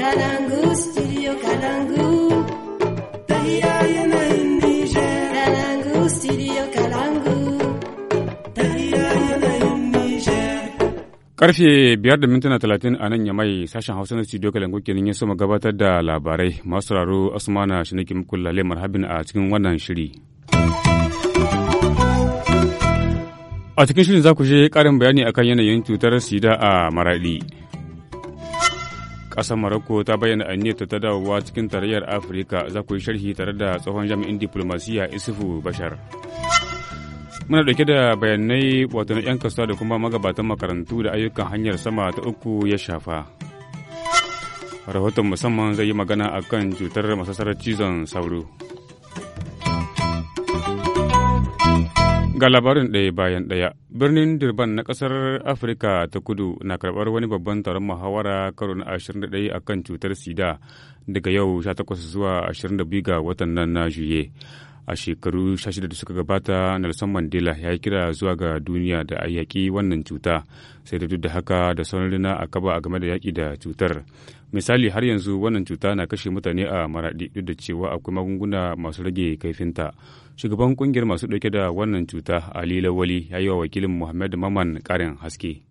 Kalangu, Karfe biyar da mintuna talatin a nan mai sashen Hausa na studio Kalangu kenan ya soma gabatar da labarai. Masu raro Asmana shi nake muku lalle marhabin a cikin wannan shiri. A cikin shirin za ku je ƙarin bayani akan yanayin cutar sida a maraɗi. ƙasar Morocco ta bayyana aniyarta ta dawowa cikin tarayyar Afirka za ku yi sharhi tare da tsohon jami'in diplomasiya Isufu Bashar. Muna dauke da bayanai wato na 'yan kasuwa da kuma magabatan makarantu da ayyukan hanyar sama ta uku ya shafa. Rahoton musamman zai yi magana akan cutar masasarar cizon sauro. Ga labarin ɗaya bayan ɗaya, birnin Durban na ƙasar Afirka ta kudu na karɓar wani babban taron muhawara karo na 21 kan cutar sida daga yau 18 zuwa 22 ga watan nan na juye. A shekaru 16 da suka gabata, Nelson Mandela ya yi kira zuwa ga duniya da a yaƙi wannan cuta, sai da duk da haka da sauran rina a kaba a game da yaƙi da cutar. misali har yanzu wannan cuta na kashe mutane a maradi duk da cewa akwai magunguna masu rage kaifinta shugaban kungiyar masu dauke da wannan cuta ali lawali ya yi wa wakilin muhammad maman karin haske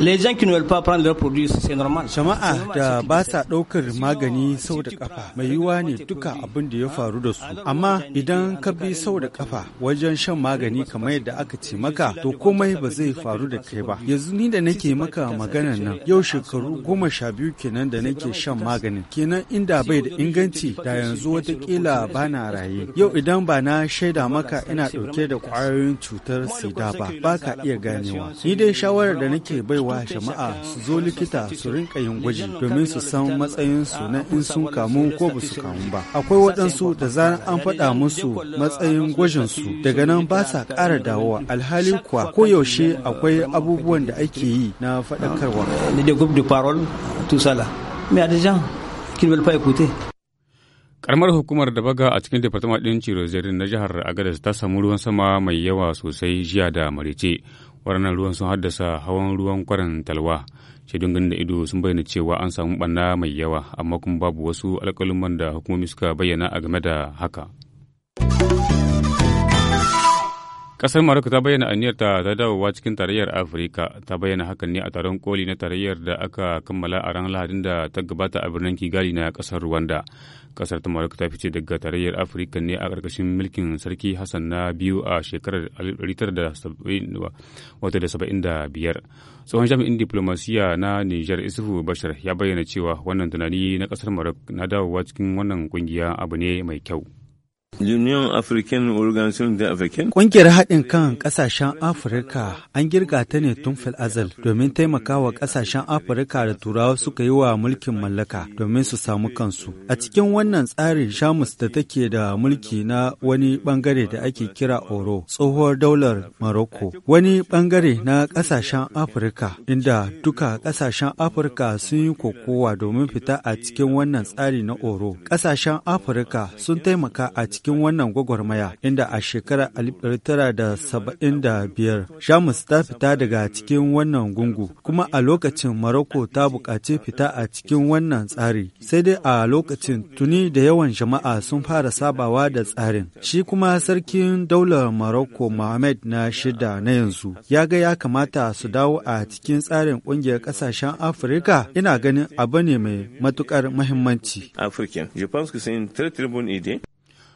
Les gens qui ne veulent pas prendre leurs produits, c'est normal. Jama'a da ba sa ɗaukar magani sau da ƙafa mai yiwuwa ne duka abin da ya faru da su. Amma idan ka bi sau da ƙafa wajen shan magani kamar yadda aka ce maka to komai ba zai faru da kai ba. Yanzu ni da nake maka maganar nan yau shekaru goma sha biyu kenan da nake shan maganin. Kenan inda bai da inganci da yanzu watakila ba na raye. Yau idan ba na shaida maka ina ɗauke da ƙwayoyin cutar sida ba, ba ka iya ganewa. Ni dai shawarar da nake bai cewa jama'a su zo likita su rinka yin gwaji domin su san matsayinsu na in sun kamu ko ba su kamu ba akwai waɗansu da zaran an faɗa musu matsayin gwajinsu daga nan ba sa ƙara dawowa alhali kuwa ko yaushe akwai abubuwan da ake yi na faɗakarwa karamar hukumar da baga a cikin departament ɗin cirozerin na jihar agadas ta samu ruwan sama mai yawa sosai jiya da marice waɗannan ruwan sun haddasa hawan ruwan kwarin talwa shaidun ganin da ido sun bayyana cewa an samu ɓanna mai yawa amma kuma babu wasu alƙaluman da hukumomi suka bayyana a game da haka Ƙasar Maroko ta bayyana aniyarta ta dawowa cikin tarayyar Afirka ta bayyana hakan ne a taron koli na tarayyar da aka kammala a ran Lahadin da ta gabata a birnin Kigali na ƙasar Rwanda. Kasar ta Morocco ta fice daga tarayyar Afirka ne a ƙarƙashin mulkin Sarki Hassan na biyu a shekarar 1975. Tsohon jami'in diplomasiya na Nijar Isufu Bashir ya bayyana cewa wannan tunani na kasar Morocco na dawowa cikin wannan ƙungiya abu ne mai kyau. L'Union Africaine Organisation d'Africaine. Ƙungiyar haɗin kan ƙasashen Afirka an girga ta ne tun fil azal domin taimakawa ƙasashen Afirka da Turawa suka yi wa mulkin mallaka domin su samu kansu. A cikin wannan tsarin Shamus da take da mulki na wani bangare da ake kira Oro, tsohuwar daular Morocco, wani bangare na ƙasashen Afirka inda duka ƙasashen Afirka sun yi kokowa domin fita a cikin wannan tsari na Oro. Ƙasashen Afirka sun taimaka a cikin cikin wannan gwagwarmaya inda a shekarar 1975 Jamus ta fita daga cikin wannan gungu kuma a lokacin maroko ta buƙaci fita a cikin wannan tsari sai dai a lokacin tuni da yawan jama'a sun fara sabawa da tsarin shi kuma sarkin daular maroko Mohammed na shida na yanzu ya ga ya kamata su dawo a cikin tsarin ƙungiyar ƙasashen Afirka ina ganin abu ne mai matuƙar mahimmanci. African.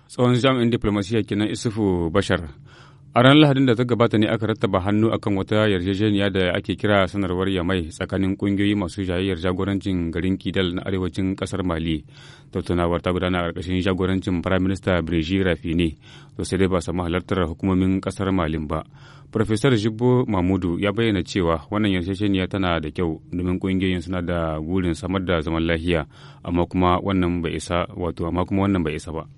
tsawon jami'in diplomasiya kenan isufu bashar a ranar lahadin da ta gabata ne aka rattaba hannu akan wata yarjejeniya da ake kira sanarwar yamai tsakanin kungiyoyi masu jayayyar jagorancin garin kidal na arewacin kasar mali tattaunawar ta gudana a ƙarƙashin jagorancin firaminista birji rafini to sai dai ba samu halartar hukumomin kasar malin ba Profesor Jibbo mamudu ya bayyana cewa wannan yarjejeniya tana da kyau domin kungiyoyin suna da gurin samar da zaman lafiya amma kuma wannan bai isa wato amma kuma wannan bai isa ba.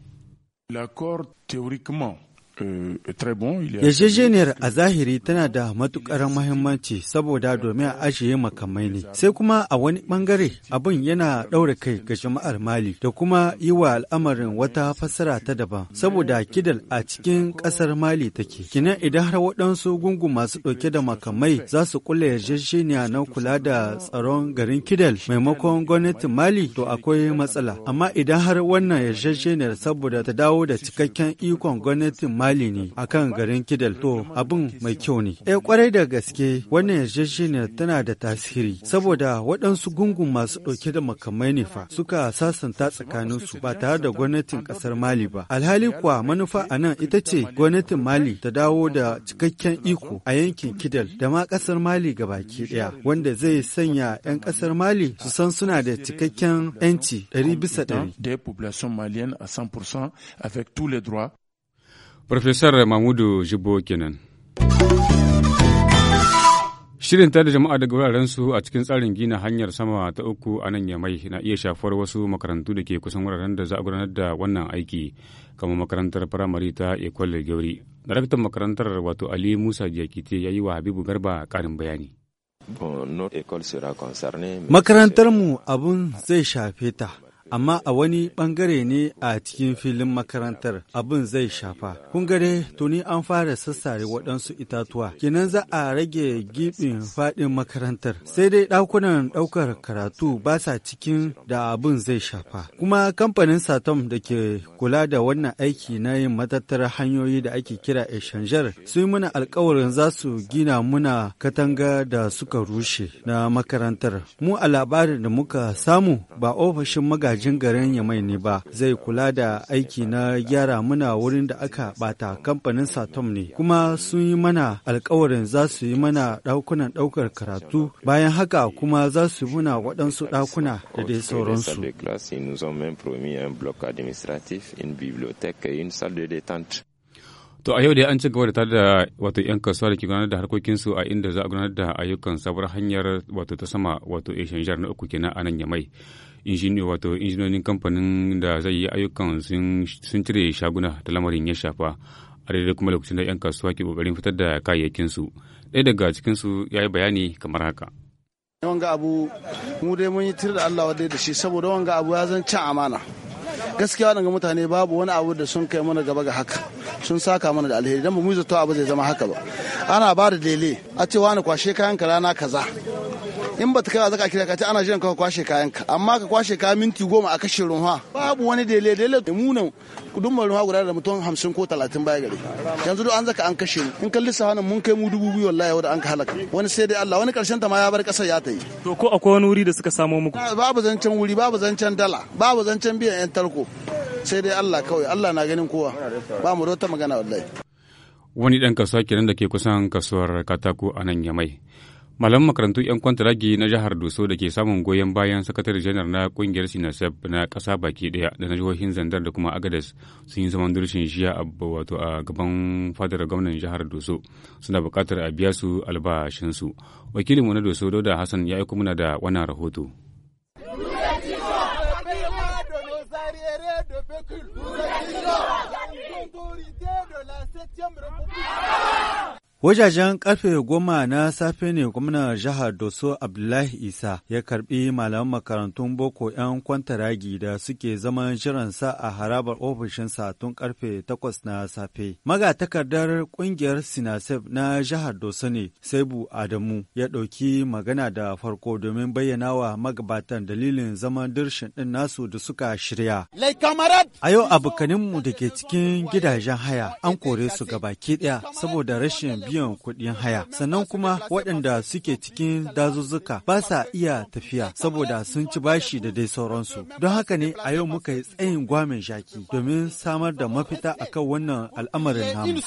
L'accord théoriquement Eh, yarjejeniyar a zahiri tana da matukar mahimmanci saboda domin a ajiye makamai ne. Sai kuma a wani bangare abin yana ɗaura kai ga jama'ar Mali da kuma yi wa al'amarin wata fassara ta daban saboda kidal a cikin ƙasar Mali take. Kinan idan har waɗansu gungu masu ɗauke da makamai za su kulle yarjejeniya na kula da tsaron garin kidal maimakon gwamnatin Mali to akwai matsala. Amma idan har wannan yarjejeniyar saboda ta dawo da cikakken ikon gwamnatin mali ne a kan garin kidal to abin mai kyau ne ɗaya eh, kwarai da gaske wannan yarjejeniyar tana da tasiri saboda waɗansu gungun masu ɗauke da makamai ne fa suka sasanta tsakaninsu ba tare da gwamnatin ƙasar mali ba alhali kuwa manufa a nan ita ce gwamnatin mali ta dawo da cikakken iko a yankin kidal da ma ƙasar mali gabaki ɗaya wanda zai sanya 'yan ƙasar mali su san suna da cikakken 'yanci 100 bisa 100 avec tous les droits Profesor Mahmudu Jibo kenan. Shirin tada jama'a daga wuraren su a cikin tsarin gina hanyar sama ta uku a nan Yamai na iya shafar wasu makarantu da ke kusan wuraren da za a gudanar da wannan aiki kamar makarantar firamare ta Ecole Gauri. Daraktan makarantar wato Ali Musa Jakite ya yi wa Habibu Garba karin bayani. makarantar mu abun zai shafe ta, amma a wani bangare ne a cikin filin makarantar abin zai shafa. Kun gare tuni an fara sassare waɗansu itatuwa, kinan za a rage gibin faɗin makarantar. Sai dai ɗakunan ɗaukar karatu ba sa cikin da abin zai shafa. Kuma kamfanin Satom da ke kula da wannan aiki na yin matattar hanyoyi da ake kira Eshanjar sun muna alkawarin za su gina muna katanga da suka rushe na makarantar. Mu a labarin da muka samu ba ofishin magaji magajin garin Yamai ne ba, zai kula da aiki na gyara muna wurin da aka bata kamfanin Satom ne. Kuma sun yi mana alkawarin za su yi mana ɗakunan ɗaukar karatu, bayan haka kuma za su muna waɗansu ɗakuna da dai sauransu. To a yau dai an ci gaba da tare da wato 'yan kasuwa da ke gudanar da harkokinsu a inda za a gudanar da ayyukan sabuwar hanyar wato ta sama wato Asian Jar na uku kenan a nan Yamai. Injiniyo wato injiniyoyin kamfanin da zai yi ayyukan sun cire shaguna da lamarin ya shafa a daidai kuma lokacin da 'yan kasuwa ke kokarin fitar da kayayyakinsu. Ɗaya daga cikinsu ya yi bayani kamar haka. Wanga abu mu dai mun yi tir da Allah wadai da shi saboda wanga abu ya zan cin amana. gaskiya wannan ga mutane babu wani abu da sun kai mana gaba ga haka sun saka mana da alheri don ba mu zato abu zai zama haka ba ana ba da lele a cewa wani kwashe kayan ka rana kaza in ba ta kai zaka kira ka ta ana jiran ka kwashe kayan ka amma ka kwashe kayan minti goma a kashe ruwa. babu wani dele dele mu munan dumar ruwa guda da mutum hamsin ko talatin baya gari yanzu duk an zaka an kashe mu in kalli sahanin mun kai mu dubu biyu wallahi wanda an ka halaka wani sai dai Allah wani karshen ta ma ya bar kasar ya ta yi to ko akwai wani wuri da suka samo muku babu zancen wuri babu zancen dala babu zancen biyan yan tarko sai dai Allah kawai Allah na ganin kowa ba mu rota magana wallahi wani dan kasuwa kenan da ke kusan kasuwar katako a nan yamai malam makarantu 'yan kwantaragi na jihar Doso da ke samun goyon bayan sakatare janar na kungiyar Sinasef na ƙasa baki ɗaya da na jihohin Zandar da kuma Agadez sun yi zaman durshin jiya a wato a gaban fadar gwamnan jihar Doso suna buƙatar a biya su albashinsu. Wakilinmu na Doso Dauda Hassan ya aiko muna da wannan rahoto. Wajajen karfe goma na safe ne gwamnan jihar Doso Abdullahi Isa ya karbi malaman makarantun boko 'yan kwantaragi da suke zaman jiransa a harabar ofishinsa tun karfe takwas na safe. Magatakardar kungiyar Sinasef na jihar Doso ne Saibu Adamu ya ɗauki magana da farko domin bayyana wa magabatan dalilin zaman dirshin ɗin nasu da suka shirya. A yau abokaninmu da ke cikin gidajen haya an kore su gabaki ɗaya saboda rashin biyan kuɗin haya. Sannan kuma waɗanda suke cikin dazuzzuka ba sa iya tafiya saboda sun ci bashi da dai sauransu. Don haka ne a yau muka yi tsayin gwamin shaki domin samar da mafita akan wannan al'amarin namu.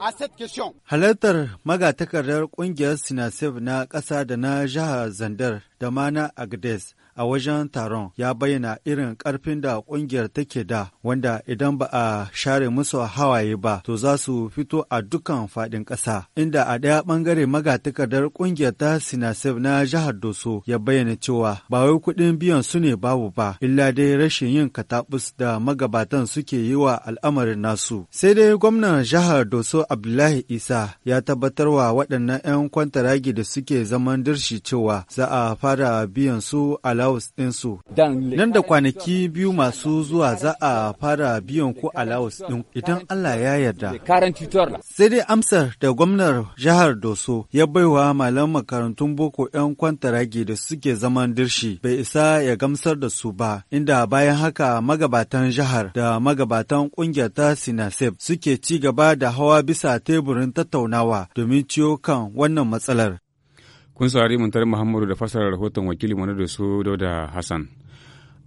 a cette question. Halartar magatakardar kungiyar Sinasef na ƙasa da na jihar Zandar da ma na Agdes a wajen taron ya bayyana irin ƙarfin da ƙungiyar take da wanda idan ba a share musu hawaye ba to za su fito a dukkan faɗin ƙasa inda a ɗaya ɓangare magatakardar ƙungiyar ta sinasef na jihar doso ya bayyana cewa ba wai kuɗin biyan su ne babu ba illa dai rashin yin katabus da magabatan suke yi wa al'amarin nasu sai dai gwamnan jihar doso Abdullahi Isa ya tabbatar wa waɗannan 'yan kwantaragi da suke zaman dirshi cewa za a fara biyan su allowance ɗinsu. Nan da kwanaki biyu masu zuwa za a fara biyan ku allowance ɗin idan Allah ya yarda. Sai dai amsar da gwamnar jihar Doso ya baiwa malam makarantun boko 'yan kwantaragi da suke zaman dirshi bai isa ya gamsar da su ba, inda bayan haka magabatan jihar da magabatan ƙungiyar ta Sinasef suke ci gaba da hawa bisa bisa teburin tattaunawa domin ciyo kan wannan matsalar. Kun saurari tare Muhammadu da fasarar rahoton wakili wani da su Dauda Hassan.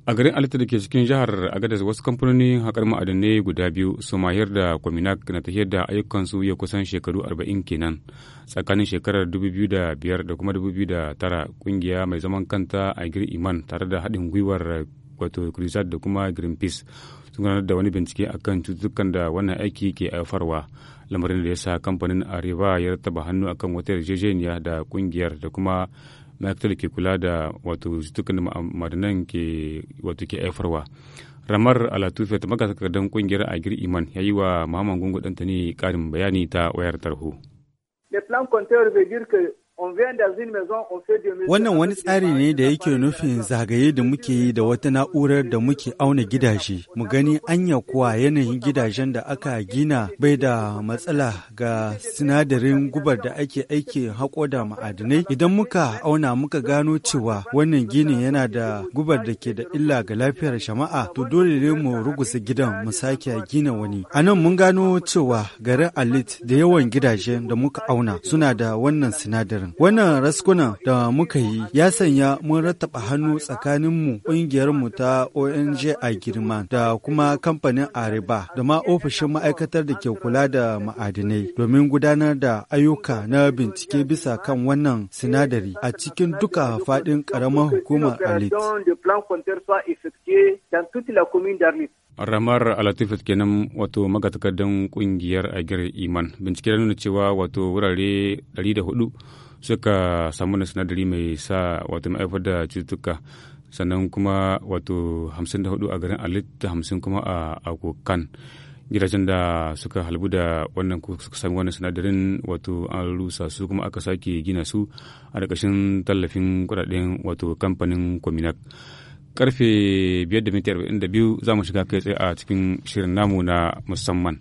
A garin Alita da ke cikin jihar Agadez wasu kamfanonin haƙar ma'adanai guda biyu su mayar da Kwaminak na tafiyar da ayyukansu ya kusan shekaru arba'in kenan tsakanin shekarar 2005 da kuma 2009 ƙungiya mai zaman kanta a Iman tare da haɗin gwiwar wato Crusade da kuma Greenpeace sun gudanar da wani bincike akan cututtukan da wannan aiki ke haifarwa lamarin da ya sa kamfanin arewa ya rattaba hannu akan wata yarjejeniya da kungiyar da kuma ma'aikatar ke kula da wato cututtukan da ma'adanan ke wato ke haifarwa. Ramar Alatufe ta magatakardar kungiyar Agir Iman ya yi wa mahamman Gungu ɗanta ne ƙarin bayani ta wayar tarho. Wannan wani tsari ne da yake nufin zagaye da muke yi da wata na'urar da muke auna gidaje, mu gani anya kuwa yanayin gidajen da aka gina bai da matsala ga sinadarin gubar da ake aiki haƙo da ma'adinai. Idan muka auna muka gano cewa wannan gini yana da gubar da ke da illa ga lafiyar shama'a, to dole ne mu rugusa gidan mu sake gina wani. A nan mun gano cewa garin Alit da yawan gidajen da muka auna suna da wannan sinadarin. wannan. Wannan raskuna da muka yi ya sanya mun rattaba hannu tsakaninmu ƙungiyarmu ta ONG a girma da kuma kamfanin Ariba da ma ofishin ma'aikatar da ke kula da ma'adinai domin gudanar da ayyuka na bincike bisa kan wannan sinadari a cikin duka faɗin ƙaramar hukumar Alit. ramar alatifat kenan wato magatakardan kungiyar agir iman bincike da nuna cewa wato wurare 104 suka samu na sinadari mai sa wato ma'aifar haifar da cututtuka sannan kuma wato 54 a garin alit 50 kuma a akokan gidajen da suka halbu da wannan suka sami wannan sinadarin wato an rusa su kuma aka sake gina su a ƙarƙashin tallafin kudaden wato kamfanin kominak karfe 5.42 za mu shiga kai tsaye a cikin shirin namu na musamman.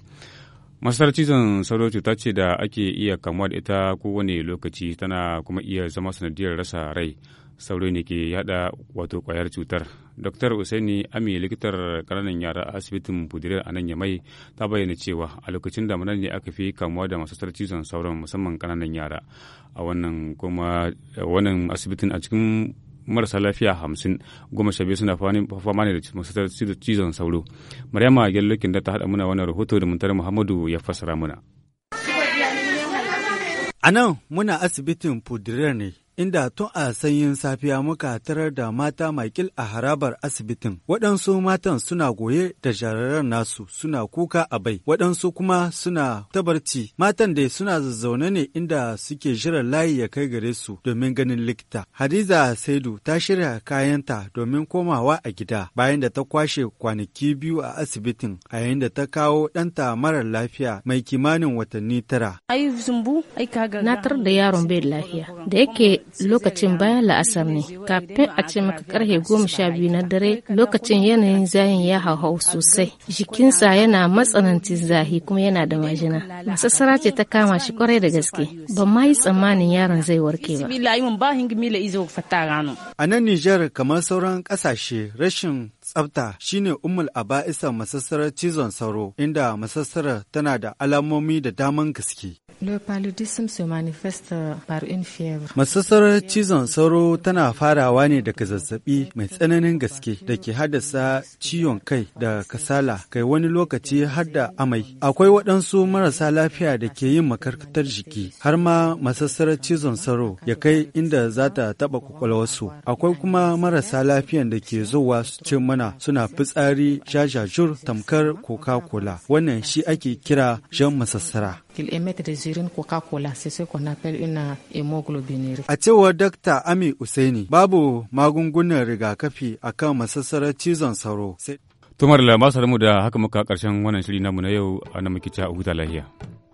Masar cizon sauro cuta ce da ake iya kamuwa da ita kowane lokaci tana kuma iya zama sanadiyar rasa rai. Sauro ne ke yada wato kwayar cutar. Dr. Usaini Ami likitar ƙananan yara a asibitin Budirar a nan Yamai ta bayyana cewa a lokacin da damuna ne aka fi kamuwa da masasar cizon sauron musamman kananan yara. A wannan kuma wannan asibitin a cikin marasa lafiya hamsin goma sha biyu suna fama ne da masasar cizon sauro maryama gyallokin da ta haɗa muna wannan rahoto da muntar muhammadu ya fassara muna a nan muna asibitin fudirar ne inda tun a sanyin safiya muka tarar da mata makil a harabar asibitin. Waɗansu matan suna goye da jarirar nasu suna kuka a bai, waɗansu kuma suna tabarci. Matan dai suna zazzaune ne inda suke jiran layi ya kai gare su domin ganin likita. Hadiza Saidu ta shirya kayanta domin komawa a gida bayan da ta kwashe kwanaki biyu a asibitin a yayin da ta kawo ɗanta marar lafiya mai kimanin watanni tara. Na tar da yaron bai lafiya. Da yake lokacin bayan la'asar ne kafin a ce maka karhe goma sha biyu na dare lokacin yanayin zayin ya hauhau sosai jikinsa yana matsanancin zahi kuma yana da majina masassara ce ta kama shi kwarai da gaske ban ma yi tsammanin yaron zai warke ba a nan nijar kamar sauran kasashe rashin tsafta shine umul aba'isa masassarar cizon sauro inda masassarar tana da alamomi da daman gaske Le paludisme se manifeste par une fièvre. Masassarar cizon sauro tana farawa ne daga zazzabi mai tsananin gaske da ke haddasa ciwon kai da kasala kai wani lokaci har da amai. Akwai waɗansu marasa lafiya da ke yin makarkatar jiki har ma masassarar cizon sauro ya kai inda za ta taɓa kwakwalwarsu. Akwai kuma marasa lafiyan da ke zuwa su ce mana suna fitsari jajajur tamkar coca-cola wannan shi ake kira jan masassara. qu'il émette des urines Coca-Cola. C'est ce qu'on appelle une hémoglobinurie. A cewar Dr. Ami Usaini, babu magungunan rigakafi akan masassarar cizon sauro. Tumar da masu da haka muka karshen wannan shiri namu na yau a na muke a huta lahiya.